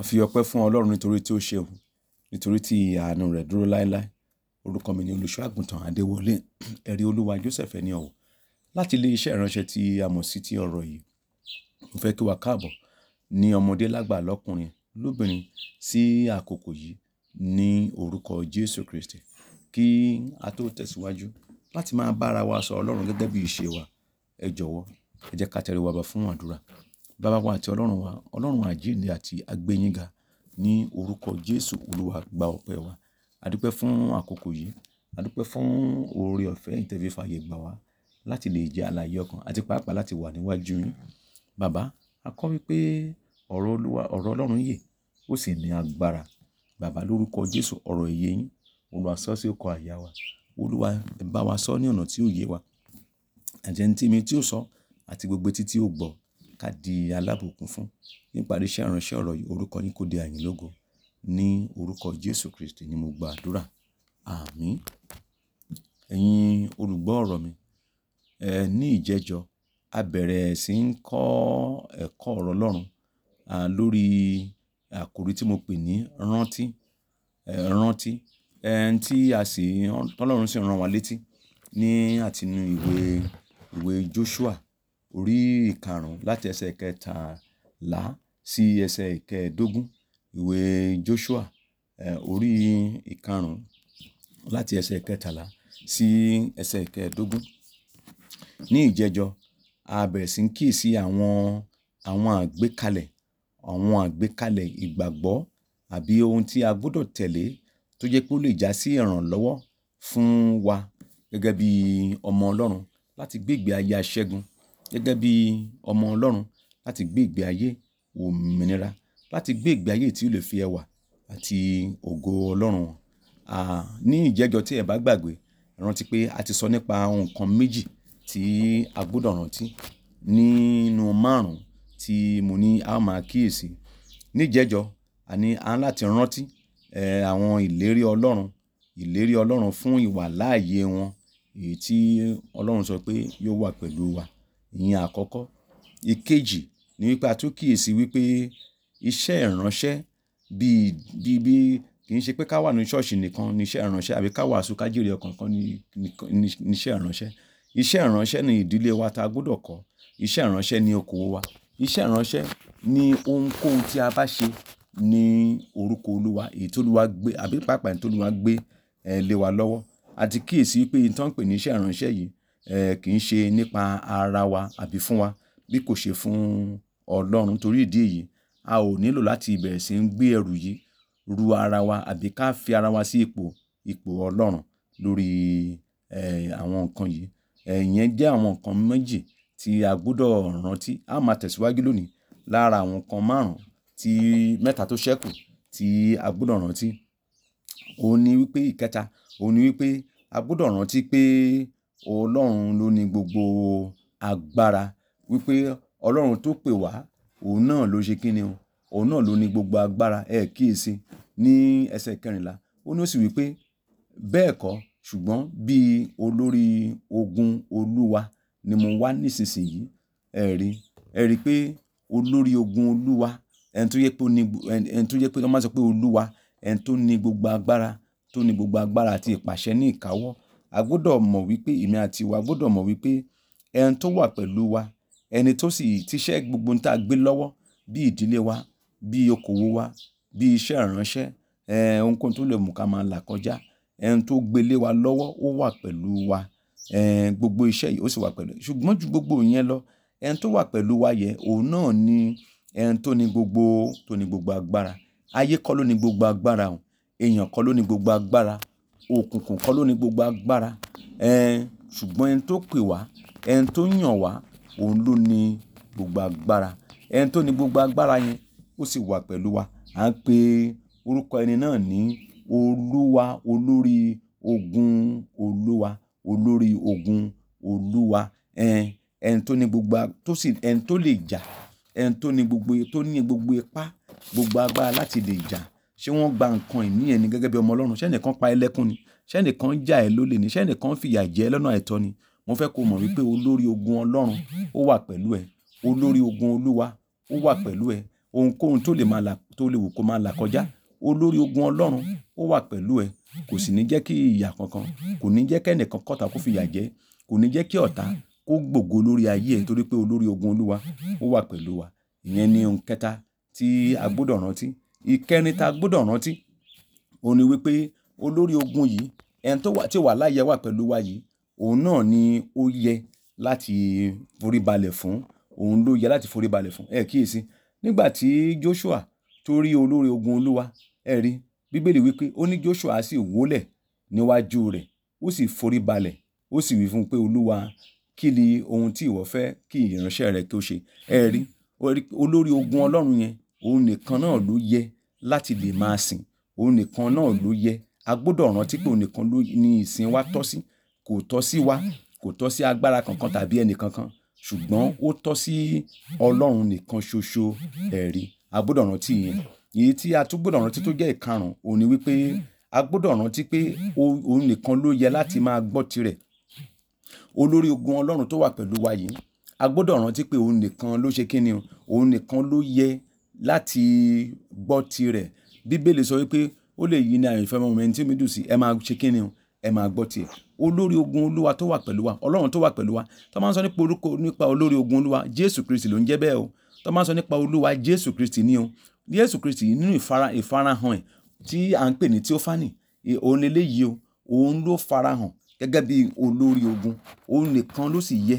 a fi ọpẹ́ fún ọlọ́run nítorí tí ó ṣeun nítorí tí àánú rẹ̀ dúró láéláé orúkọ mi ni olùṣọ́ àgùntàn adéwọlé ẹ̀rí olúwa joseph ẹni ọ̀wọ̀ láti ilé iṣẹ́ ìránṣẹ́ tí a mọ̀ sí ti ọ̀rọ̀ yìí mo fẹ́ kí wa káàbọ̀ ní ọmọdé lágbà lọ́kùnrin lóbìnrin sí àkókò yìí ní orúkọ jésù kristi kí a tó tẹ̀síwájú láti máa bára wa sọ ọlọ́run gẹ́gẹ́ bí ìṣe wa ẹ jọ̀wọ́ ẹ jẹ́ ká tẹríba fún àdúrà Baba wa àti Ọlọ́run wa, Ọlọ́run àjíǹde àti agbéyínga ní orúkọ Jésù Olúwa gba ọpẹ́ wa. A dúpẹ́ fún àkókò yìí, a dúpẹ́ fún oore ọ̀fẹ́ eyi tẹ fi fàyè gbà wá láti lè jẹ́ alààyè ọkàn àti pàápàá láti wà níwájú yín. Baba, a kọ́ wípé ọ̀rọ̀ Olúwa, ọ̀rọ̀ Ọlọ́run yè ó sì ní agbára. Baba lórúkọ Jésù ọ̀rọ̀ ìyè yín, Olúwa sọ sí ọkàn àyà wa. Olúwa bá wa sọ ní ọ̀nà tí ó yé wa àti tí ó sọ àti gbogbo etí tí ó gbọ́ ká di alábùkún fún. Níparí iṣẹ́ ìránṣẹ́ ọ̀rọ̀ yìí, orúkọ yín kó di àyìn lógo. Ní orúkọ Jésù Kristi ni mo gba àdúrà. Àmín. Ẹ̀yin olùgbọ́ ọ̀rọ̀ mi, ẹ ní ìjẹ́jọ, a bẹ̀rẹ̀ sí ń kọ́ ẹ̀kọ́ ọ̀rọ̀ Ọlọ́run, à lórí àkòrí tí mo pè ní rántí, rántí. Ẹ̀n tí a sì, Ọlọ́run sì rán wa létí ní àtinú ìwé, ìwé Joshua orí ìkarùn-ún láti ẹsẹ̀ kẹtàlá sí ẹsẹ̀ ìkẹẹ̀ẹ́dógún ìwé joshua orí ìkarùn-ún láti ẹsẹ̀ kẹtàlá sí ẹsẹ̀ ìkẹẹ̀ẹ́dógún ní ìjẹjọ a bẹ̀rẹ̀ sí ń kíyèsí àwọn àwọn àgbékalẹ̀ àwọn àgbékalẹ̀ ìgbàgbọ́ àbí ohun tí a gbọ́dọ̀ tẹ̀lé tó jẹ́ pé ó lè já sí ìrànlọ́wọ́ fún wa gẹ́gẹ́ bí ọmọ ọlọ́run láti gbé ayé aṣẹ́gun gẹ́gẹ́ bí ọmọ Ọlọ́run láti gbé ìgbé ayé òmìnira láti gbé ìgbé ayé tí ó lè fi ẹwà àti ògo Ọlọ́run hàn. À ní ìjẹ́jọ tí ẹ bá gbàgbé, ẹ rántí pé a ti sọ nípa ohun kan méjì tí a gbọ́dọ̀ rántí nínú márùn-ún tí mo ní a máa kíyèsí. Ní ìjẹ́jọ, a ní a láti rántí àwọn ìlérí Ọlọ́run, ìlérí Ọlọ́run fún ìwà láàyè wọn èyí tí Ọlọ́run sọ pé yóò wà pẹ̀lú wa ìyẹn àkọ́kọ́. Ìkejì ni wípé a tún kíyèsi wípé iṣẹ́ ìránṣẹ́ bí bí bí kì í ṣe pé ká wà ní ṣọ́ọ̀ṣì nìkan ni iṣẹ́ ìránṣẹ́ àbí ká wàásù ká jèrè ọkàn kan ni ni iṣẹ́ ìránṣẹ́. Iṣẹ́ ìránṣẹ́ ni ìdílé wa ta gbọ́dọ̀ kọ́. Iṣẹ́ ìránṣẹ́ ni okòwò wa. Iṣẹ́ ìránṣẹ́ ni ohunkóhun tí a bá ṣe ní orúkọ Olúwa èyí tí Olúwa gbé àbí pàápàá èyí tí gbé ẹ lé wa lọ́wọ́. A ti kíyèsi wípé pè ní iṣẹ́ ìránṣẹ́ yìí kì í ṣe nípa ara wa àbí fún wa bí kò ṣe fún Ọlọ́run. Nítorí ìdí èyí, a ò nílò láti bẹ̀rẹ̀ sí ń gbé ẹrù yìí ru ara wa àbí ká fi ara wa sí ipò, ipò Ọlọ́run lórí àwọn nǹkan yìí. Ìyẹn jẹ́ àwọn nǹkan méjì tí a gbọdọ̀ rántí. A máa tẹ̀síwájú lónìí lára àwọn nǹkan márùn-ún mẹ́ta tó ṣẹ́kù tí a gbọdọ̀ rántí. Ó ní wípé ìkẹta, ó ní wípé a gbọdọ̀ rántí pé Ọlọ́run ló ní gbogbo agbára wípé Ọlọ́run tó pè wá, òun náà ló ṣe kíni o, òun náà ló ní gbogbo agbára. Ẹ kíyèsi ní ẹsẹ̀ kẹrìnlá. Ó ní ó sì wípé bẹ́ẹ̀ kọ́, ṣùgbọ́n bí olórí ogun Olúwa ni mo wà nísinsìnyí. Ẹ rí, ẹ rí pé olórí ogun Olúwa, ẹni tó jẹ pé ó ní, ẹni tó jẹ pé wọ́n máa ń sọ pé Olúwa, ẹni tó ní gbogbo agbára, tó ní gbogbo agbára àti ìpàṣẹ ní ìkáwọ́ a gbọ́dọ̀ mọ̀ wípé èmi àti ìwọ a gbọ́dọ̀ mọ̀ wípé ẹni tó wà pẹ̀lú wa ẹni tó sì ti ṣẹ́ gbogbo ohun tá a gbé lọ́wọ́ bí ìdílé wa bí okòwò wa bí iṣẹ́ ìránṣẹ́ eh, ohunkóhun tó lè mú ká máa là kọjá ẹni tó gbélé wa lọ́wọ́ ó wà pẹ̀lú wa gbogbo iṣẹ́ yìí ó sì wà pẹ̀lú ṣùgbọ́n ju gbogbo yẹn lọ ẹni tó wà pẹ̀lú wa yẹ òun náà ni ẹni tó ní gbogbo tó ní gbogbo agbára ayé kọ́ ló ní gbogbo agbára èèyàn kọ́ ló ní gbogbo agbára òkùnkùn kọ́ ló ní gbogbo agbára ṣùgbọ́n ẹni tó pè wá ẹni tó yàn wá òun ló ní gbogbo agbára ẹni tó ní gbogbo agbára yẹn ó sì wà pẹ̀lú wa à ń pe orúkọ ẹni náà ní olúwa olórí ogun olúwa olórí ogun olúwa ẹni tó ní gbogbo tó sì ẹni tó lè jà ẹni tó ní gbogbo tó ní gbogbo ipá gbogbo agbára láti lè jà ṣé wọ́n gba nǹkan ìní ẹni gẹ́gẹ́ bí ọmọ ọlọ́run ṣé ẹnìkan pa ẹlẹ́kùn ni ṣé ẹnìkan já ẹ lólè ni ṣé ẹnìkan fìyà jẹ lọ́nà àìtọ́ ni mo fẹ́ kó mọ̀ wípé olórí ogun ọlọ́run ó wà pẹ̀lú ẹ olórí ogun olúwa ó wà pẹ̀lú ẹ ohunkóhun tó lè máa là tó lè wù kó máa là kọjá olórí ogun ọlọ́run ó wà pẹ̀lú ẹ kò sì ní jẹ́ kí ìyà kankan kò ní jẹ́ kẹ́nìkan kọ́ta kó fìyà jẹ kò ní jẹ́ kí ọ̀tá kó gbògo lórí ayé ẹ torí pé olórí ogun olúwa ó wà pẹ̀lú wa ìyẹn ni ohun kẹta tí a gbọ́dọ̀ rántí ìkẹrin tá a gbọ́dọ̀ rántí òun ni wípé olórí ogun yìí ẹni tó wà tí wà láyé wà pẹ̀lú wa yìí òun náà ni ó yẹ láti forí balẹ̀ fún òun ló yẹ láti forí balẹ̀ fún ẹ kíyèsí nígbà tí Joshua tó rí olórí ogun olúwa ẹ rí bíbélì wípé ó ní Joshua sì wólẹ̀ níwájú rẹ̀ ó sì forí balẹ̀ ó sì wí fún un pé olúwa kí ni ohun tí ìwọ fẹ́ kí ìránṣẹ́ rẹ tó ṣe ẹ rí olórí ogun ọlọ́run yẹn òun nìkan náà ló yẹ láti lè máa sìn òun nìkan náà ló yẹ a gbọ́dọ̀ rántí pé òun nìkan ló ní ìsìn wa tọ́ sí kò tọ́ sí wa kò tọ́ sí agbára kankan tàbí ẹnì kankan ṣùgbọ́n ó tọ́ sí ọlọ́run nìkan ṣoṣo ẹ̀rí a gbọ́dọ̀ rántí yẹn èyí tí a tún gbọ́dọ̀ rántí tó jẹ́ ìkarùn-ún òun ni wípé a gbọ́dọ̀ rántí pé òun nìkan ló yẹ láti máa gbọ́ tirẹ̀ olórí ogun ọlọ́run tó wà pẹ̀lú wa yìí a gbọ́dọ̀ rántí pé òun nìkan ló ṣe kíni òun nìkan ló yẹ láti gbọ́ tirẹ̀. Bíbélì sọ wípé ó lè yí ní ayọ̀ ìfẹ́ ọmọ mi ẹni tí mi dùn sí, ẹ máa ṣe kíni o, ẹ máa gbọ́ tiẹ̀. Olórí ogun Olúwa tó wà pẹ̀lú wa, Ọlọ́run tó wà pẹ̀lú wa. Tí wọ́n máa ń sọ nípa orúkọ nípa olórí ogun Olúwa, Jésù Kristi ló ń jẹ́ bẹ́ẹ̀ o. Tí wọ́n máa ń sọ nípa Olúwa Jésù Kristi ni o. Jésù Kristi nínú ìfara ìfarahàn ẹ̀ tí à ń pè ní Theophany, òun leléyìí o, òun ló farahàn gẹ́gẹ́ bí olórí ogun. Òun nìkan ló sì yẹ,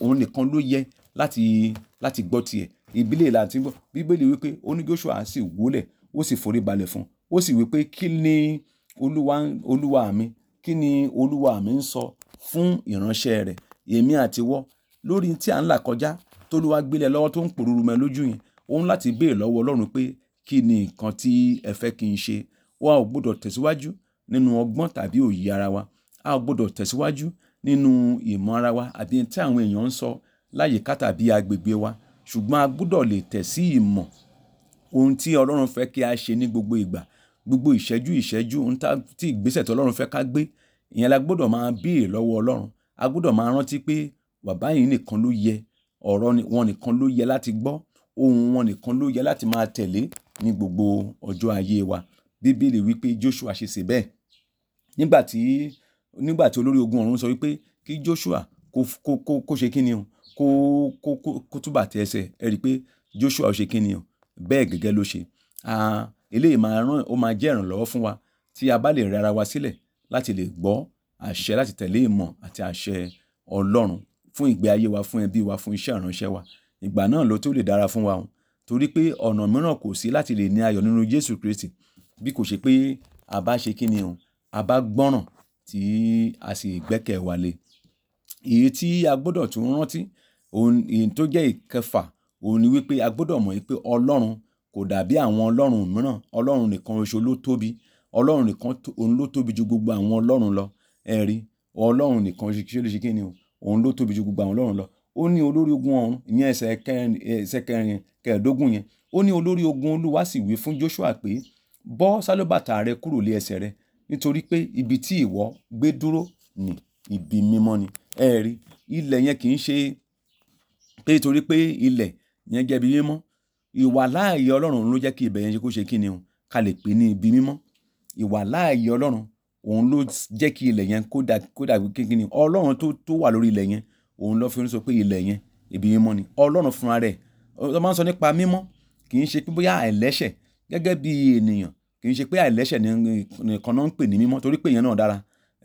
òun nìkan ló yẹ láti, láti gbọ́ tiẹ̀ ìbílẹ̀ ìlànà tí ń bọ̀ bíbélì wípé ó ní Joshua sì wólẹ̀ ó sì forí balẹ̀ fún ó sì wípé kí ni olúwa olúwa mi kí ni olúwa mi ń sọ fún ìránṣẹ́ rẹ̀ èmi àti wọ́ lórí tí à ń là kọjá tólúwa gbélé lọ́wọ́ tó ń pòrúurú mẹ́ lójú yẹn òun láti béèrè lọ́wọ́ ọlọ́run pé kí ni nǹkan tí ẹ fẹ́ kí n ṣe wa ò gbọ́dọ̀ tẹ̀síwájú nínú ọgbọ́n tàbí òye ara wa a ò gbọ́dọ̀ tẹ̀síwájú nínú ìmọ̀ ara wa àbí tí àwọn èèyàn ń sọ láyìíká tàbí agbègbè wa ṣùgbọ́n a gbọ́dọ̀ lè tẹ̀ sí ìmọ̀ ohun tí Ọlọ́run fẹ́ kí a ṣe ní gbogbo ìgbà gbogbo ìṣẹ́jú ìṣẹ́jú ohun tí ìgbésẹ̀ tí Ọlọ́run fẹ́ ká gbé ìyẹn la gbọ́dọ̀ máa béèrè lọ́wọ́ Ọlọ́run a gbọ́dọ̀ máa rántí pé bàbá yìí nìkan ló yẹ ọ̀rọ̀ wọn nìkan ló yẹ láti gbọ́ ohun wọn nìkan ló yẹ láti máa tẹ̀lé ní gbogbo ọjọ́ ayé wa bíbélì wípé Joshua ṣe ṣe bẹ́ẹ̀ nígbà tí nígbà tí olórí ogun ọ̀run sọ wípé kí Joshua kó ṣe kí ni o kó kó kó kó túbà tẹ ẹsẹ̀ ẹ rí i pé Joshua ó ṣe kí ni o bẹ́ẹ̀ gẹ́gẹ́ ló ṣe eléyìí máa ràn ó máa jẹ́ ìrànlọ́wọ́ fún wa tí a bá lè rẹ ara wa sílẹ̀ láti lè gbọ́ àṣẹ láti tẹ̀lé ìmọ̀ àti àṣẹ Ọlọ́run fún ìgbé ayé wa fún ẹbí wa fún iṣẹ́ ìránṣẹ́ wa ìgbà náà ló tó lè dára fún wa o torí pé ọ̀nà mìíràn kò sí láti lè ní ayọ̀ nínú Jésù Kristi bí kò ṣe pé a bá ṣe kí ni o a bá gbọ́ràn tí a sì gbẹ́kẹ̀ wa lé èyí tí a gbọ́dọ̀ tún rántí òun èyí tó jẹ́ ìkẹfà òun ni wípé a gbọ́dọ̀ mọ̀ wípé ọlọ́run kò dàbí àwọn ọlọ́run mìíràn ọlọ́run nìkan ṣoṣo ló tóbi ọlọ́run nìkan òun ló tóbi ju gbogbo àwọn ọlọ́run lọ ẹ̀rí ọlọ́run nìkan ṣe ló ṣe kí ni o òun ló tóbi ju gbogbo àwọn ọlọ́run lọ ó ní olórí ogun ọ̀run ìyẹn ẹsẹ̀ kẹrin kẹẹ̀ẹ́dógún yẹn ó ní olórí ogun olúwa sì wí fún Joshua pé bọ́ sálóbàtà rẹ kúrò lé ẹsẹ̀ rẹ nítorí pé ibi tí ìwọ gbé dúró ní ibi mímọ́ ni ẹ̀rí ilẹ̀ yẹn kì í ṣe pé nítorí pé ilẹ̀ yẹn jẹ́ ibi mímọ́ ìwà láàyè ọlọ́run ló jẹ́ kí ibẹ̀ yẹn ṣe kó ṣe kí ni o ká lè pè ní ibi mímọ́ ìwà láàyè ọlọ́run òun ló jẹ́ kí ilẹ̀ yẹn kó dà kí ni ọlọ́run tó tó wà lórí ilẹ̀ yẹn òun ló fi ń sọ pé ilẹ̀ yẹn ibi mímọ́ ni ọlọ́run fúnra rẹ̀ ọ máa ń sọ nípa mímọ́ kì í ṣe pé bóyá àìlẹ́ṣẹ̀ gẹ́gẹ́ bí ènìyàn kì í ṣe pé àìlẹ́ṣẹ̀ nìkan náà ń pè ní mímọ́ torí pé èèyàn náà dára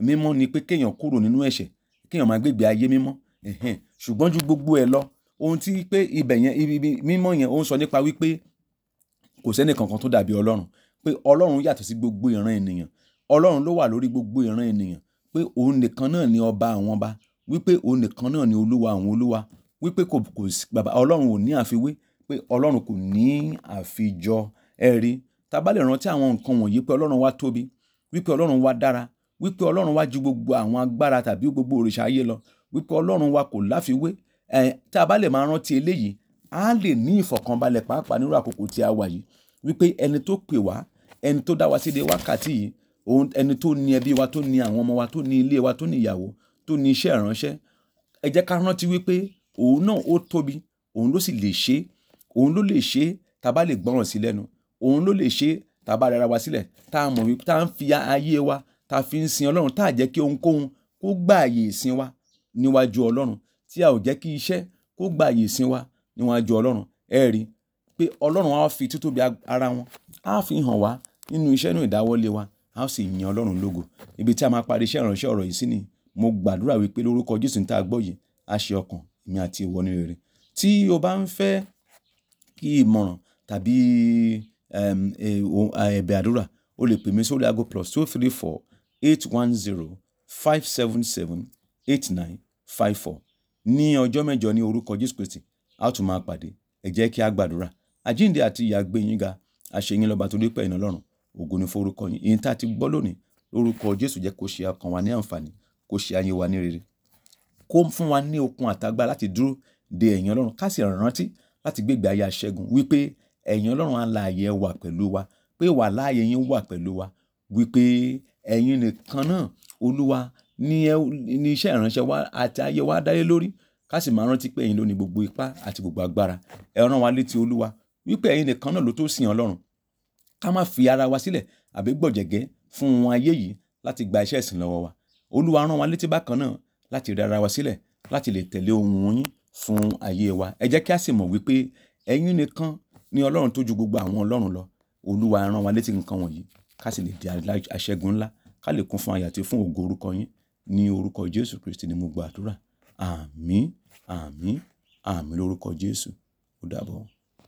mímọ́ ni pé kéèyàn kúrò nínú ẹ̀ṣẹ̀ kéèyàn máa gbégbé ayé mímọ́ ṣùgbọ́n ju gbogbo ẹ̀ lọ ohun tí pé ibẹ̀ yẹn ibi mímọ́ yẹn ó ń sọ nípa wípé kò sẹ́ni kankan tó dàbí ọlọ́run pé ọlọ́run yàtọ̀ sí gbogbo ìran ènìyàn ọlọ́run ló wà lórí gbogbo ìran ènìyàn pé òun nìkan náà ni ọba àwọn ọba wípé òun nìkan náà ni olúwa àwọn olúwa wípé kò kò bàbá ọlọ́run ò ní àfiwé pé ọlọ́run kò ní àfijọ ẹ̀rí tá bá lè rántí àwọn nǹkan wọ̀nyí pé ọlọ́run wa tóbi wípé ọlọ́run wa dára wípé ọlọ́run wa ju gbogbo àwọn agbára tàbí gbogbo òrìṣà ayé lọ wípé ọlọ́run wa kò láfiwé tá a bá lè máa rántí eléyìí a lè ní ìfọ̀kànbalẹ̀ pàápàá nírú àkókò tí a wà yìí wípé ẹni tó pè wá ẹni tó dá wa sí de wákàtí yìí ẹni tó ní ẹbí wa tó ní àwọn ọmọ wa tó ní ilé wa tó ní ìyàwó tó ní iṣẹ́ ìránṣẹ́ ẹ jẹ́ ká rántí wípé òun náà ó tóbi òun ló sì lè ṣe òun ló lè ṣe tá a bá lè gbọ́ràn sí lẹ́nu òun ló lè ṣe tá a bá rẹra wa sílẹ̀ tá a mọ̀ wípé tá a ń fi ayé wa tá a fi ń sin ọlọ́run tá a jẹ́ kí ohunkóhun kó gbààyè ìsìn wa níwájú ọlọ́run tí a ò jẹ́ kí iṣẹ́ kó gba àyè ìsìn wa níwájú Ọlọ́run ẹ rí i pé Ọlọ́run á fi títóbi ara wọn á fi hàn wá nínú iṣẹ́ náà ìdáwọ́lé wa a ó sì yin Ọlọ́run lógo ibi tí a máa parí iṣẹ́ ìránṣẹ́ ọ̀rọ̀ yìí sí ni mo gbàdúrà wípé lórúkọ Jésù tá a gbọ́ yìí á ṣe ọkàn èmi àti ìwọ ní rere tí o bá ń fẹ́ kí ìmọ̀ràn tàbí e, ẹ̀bẹ̀ àdúrà o lè pè mí sórí aago plus two three four eight one zero five seven seven eight nine five four ní ọjọ́ mẹ́jọ ní orúkọ Jésù Kristi a ó tún máa pàdé ẹ jẹ́ kí a gbàdúrà àjíǹde àti ìyà gbé yín ga àṣeyín lọ́ba torí pé ẹ̀yin Ọlọ́run ògo ni forúkọ yín ìyìn tá a ti gbọ́ lónìí lórúkọ Jésù jẹ́ kó ṣe ọkàn wa ní àǹfààní kó ṣe ayé wa ní rere kó fún wa ní okun àtagbá láti dúró de ẹ̀yin Ọlọ́run ká sì rántí láti gbégbé ayé aṣẹ́gun wípé ẹ̀yin Ọlọ́run alààyè wà pẹ̀lú wa pé wà láàyè yín wà pẹ̀lú wa wípé ẹ̀yin ni ẹ ni iṣẹ́ ìránṣẹ́ wa àti ayé wa dá lé lórí ká sì máa rántí pé ẹ̀yin ló ní gbogbo ipá àti gbogbo agbára ẹ rán wa létí olúwa wípé ẹ̀yin nìkan náà ló tó sìn ọlọ́run ká má fi ara wa sílẹ̀ àbí gbọ̀jẹ̀gẹ́ fún wọn ayé yìí láti gba iṣẹ́ ìsìn lọ́wọ́ wa olúwa rán wa létí bákan náà láti rí ara wa sílẹ̀ láti lè tẹ̀lé ohun yín fún ayé wa ẹ jẹ́ kí a sì mọ̀ wípé ẹ̀yin nìkan ni ọlọ́run tó ju gbogbo àwọn ọlọ́run lọ olúwa rán wa létí nǹkan wọ̀nyí ká sì lè di aṣẹ́gun ńlá ká lè kún fún ayọ̀ fún ògo orúkọ yín Ní orúkọ Jésù Kristi ni mo gba àdúrà. Àmín, àmín, àmín lórúkọ Jésù. Ó dàbọ̀.